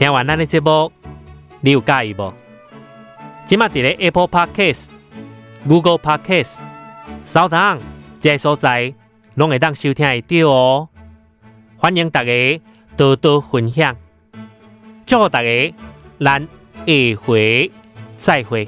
聽完咱的節目，你有介意不？即刻喺 Apple Podcast、Google Podcast、SoundOn 這些所在，攏會當收聽得到哦。歡迎大家多多分享，祝大家，咱下回再會。